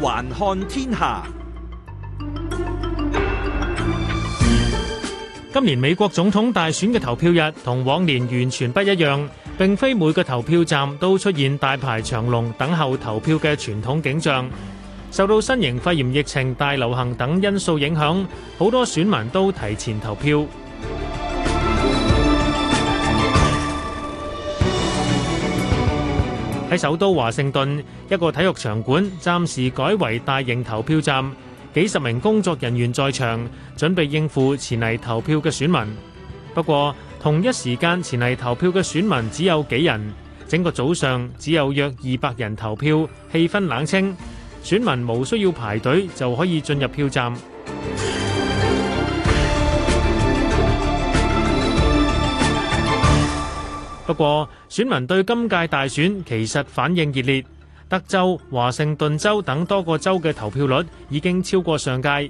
環看天下。今年美國總統大選嘅投票日同往年完全不一樣，並非每個投票站都出現大排長龍等候投票嘅傳統景象。受到新型肺炎疫情大流行等因素影響，好多選民都提前投票。喺首都華盛頓，一個體育場館暫時改為大型投票站，幾十名工作人員在場，準備應付前嚟投票嘅選民。不過同一時間前嚟投票嘅選民只有幾人，整個早上只有約二百人投票，氣氛冷清。選民無需要排隊就可以進入票站。不過，選民對今屆大選其實反應熱烈，德州、華盛頓州等多個州嘅投票率已經超過上屆。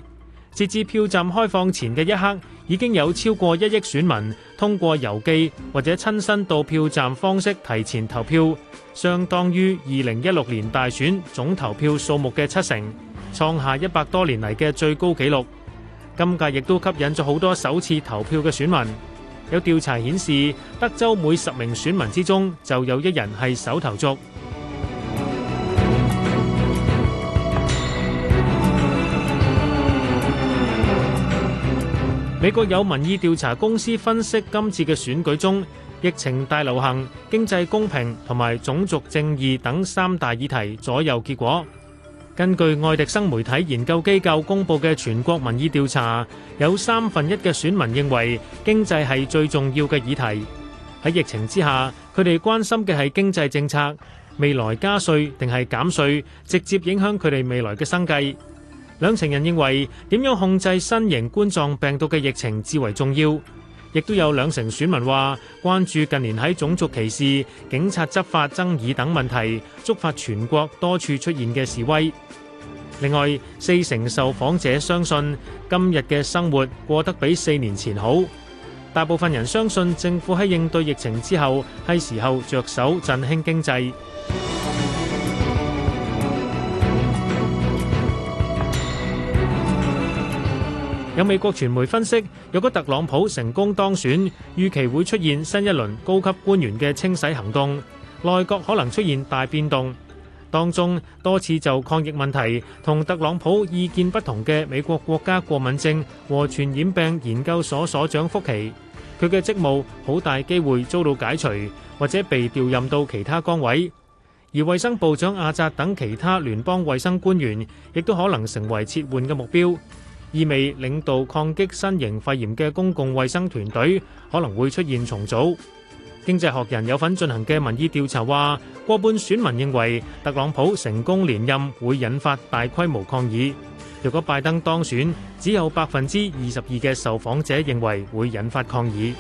截至票站開放前嘅一刻，已經有超過一億選民通過郵寄或者親身到票站方式提前投票，相當於二零一六年大選總投票數目嘅七成，創下一百多年嚟嘅最高紀錄。今屆亦都吸引咗好多首次投票嘅選民。有調查顯示，德州每十名選民之中就有一人係首投族。美國有民意調查公司分析今次嘅選舉中，疫情大流行、經濟公平同埋種族正義等三大議題左右結果。根據愛迪生媒體研究機構公布嘅全國民意調查，有三分一嘅選民認為經濟係最重要嘅議題。喺疫情之下，佢哋關心嘅係經濟政策，未來加稅定係減稅，直接影響佢哋未來嘅生計。兩成人認為點樣控制新型冠狀病毒嘅疫情至為重要。亦都有兩成選民話關注近年喺種族歧視、警察執法爭議等問題，觸發全國多處出現嘅示威。另外，四成受訪者相信今日嘅生活過得比四年前好。大部分人相信政府喺應對疫情之後，係時候着手振興經濟。有美國傳媒分析，若果特朗普成功當選，預期會出現新一輪高級官員嘅清洗行動，內閣可能出現大變動。當中多次就抗疫問題同特朗普意見不同嘅美國國家過敏症和傳染病研究所所長福奇，佢嘅職務好大機會遭到解除，或者被調任到其他崗位。而衛生部長阿扎等其他聯邦衛生官員，亦都可能成為撤換嘅目標。意味領導抗擊新型肺炎嘅公共衛生團隊可能會出現重組。經濟學人有份進行嘅民意調查話，過半選民認為特朗普成功連任會引發大規模抗議。如果拜登當選，只有百分之二十二嘅受訪者認為會引發抗議。